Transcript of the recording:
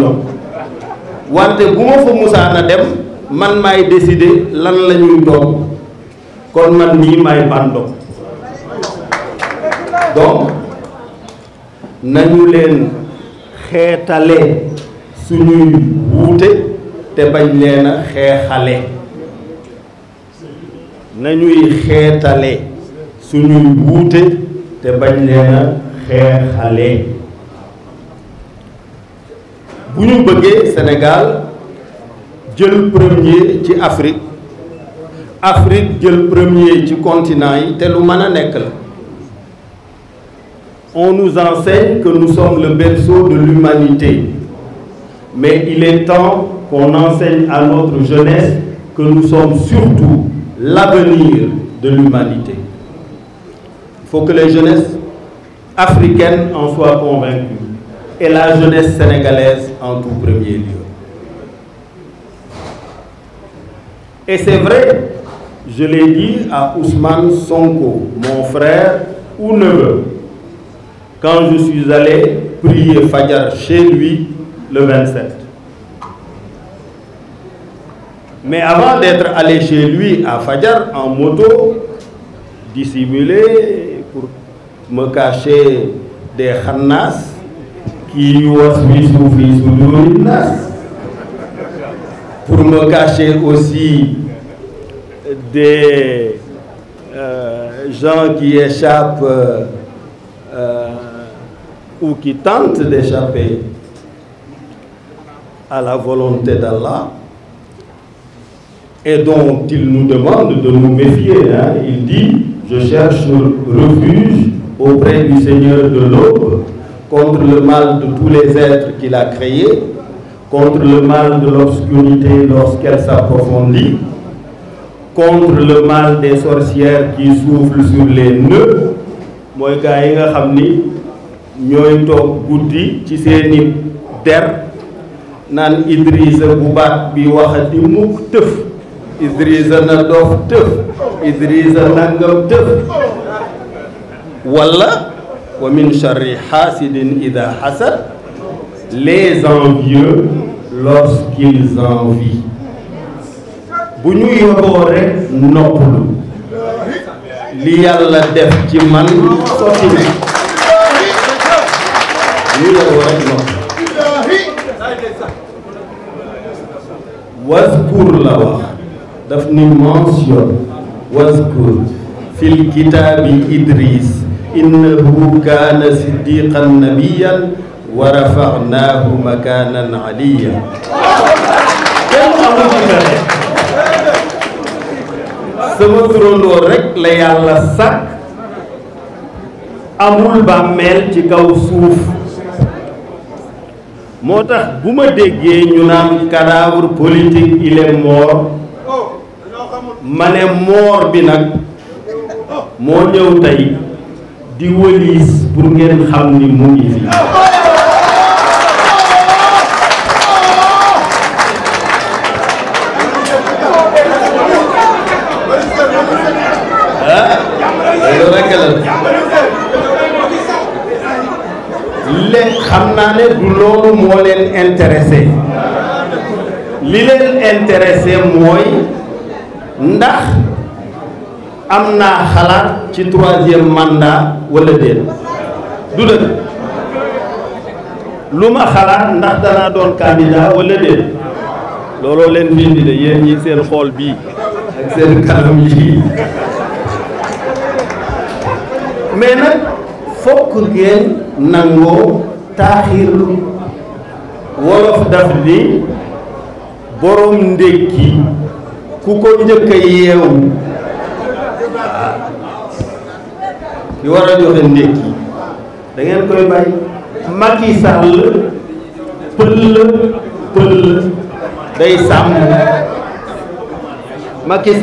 diplôme wante bu ma fa dem man maay décider lan la ñuy doon kon man nii maay nañu leen xeetale suñuy wuute te bañ leen a xeexale nañuy xeetale suñuy wuute te bañ leen a xeexale bu ñu bëggee Sénégal jël premier ci Afrique Afrique jël premier ci continent yi te lu mën a nekk la on nous enseigne que nous sommes le berceau de l'humanité mais il est temps qu'on enseigne à notre jeunesse que nous sommes surtout l'avenir de l'humanité il que les jeunesses africaines en soient convaincues et la jeunesse sénégalaise en tout premier lieu. Et c'est vrai, je l'ai dit à Ousmane Sonko, mon frère ou neveu, quand je suis allé prier Fadjar chez lui le Mais avant d'être allé chez lui à Fadjar en moto, dissimulé pour me cacher des khannas, kii waswisu fi suduri nas pour me cacher aussi des euh, gens qui échappent euh, euh, ou qui tentent d'échapper à la volonté d'Allah et dont il nous demande de nous méfier. Hein. Il dit, je cherche refuge auprès du Seigneur de l'aube contre le mal de tous les êtres qu'il a créés, contre le mal de l'obscurité lorsqu'elle s'approfondit, contre le mal des sorcières qui soufflent sur les nœuds mooy gaa yi nga xam ni ñooy toog guddi ci seeni der naan Idrissa bu baat bi waxati mukk tëf Idrissa na dof tëf Idrissa nangam tëf walla wa min charri hasidin ida les envieux lorsqu'ils envient bu ñu yoboo rek noppalu li yàlla def ci man sotti na ñu yoboo rek noppalu waskur la wax daf ni mention waskur fil kitaabi idris innahu kaana siddiqan nabiyan wa rafanaahu makaanan aliyan kenn amul ci sama turandoo rek la yàlla sàkk amul bàmmeel ci kaw suuf moo tax bu ma déggee ñu naan cadavre politique il est ma ne mort bi nag moo ñëw tey di wëliis pour ngeen xam ni mu ngi fi le xam naa ne du loolu moo leen intéressé li leen intéressé mooy ndax am naa xalaat ci troisième mandat wala déet du dëgg lu ma xalaat ndax danaa doon candidat wala déet looloo leen bindi de yéen ñi seen xool bii ak seen kanam yi mais nag fokk ngeen nangoo taaxirlu wolof daf ni borom ndékki ku ko njëkk a li war a joxe ndékki da ngeen koy bàyyi Macky Sall pël pël day sàmm Macky Sall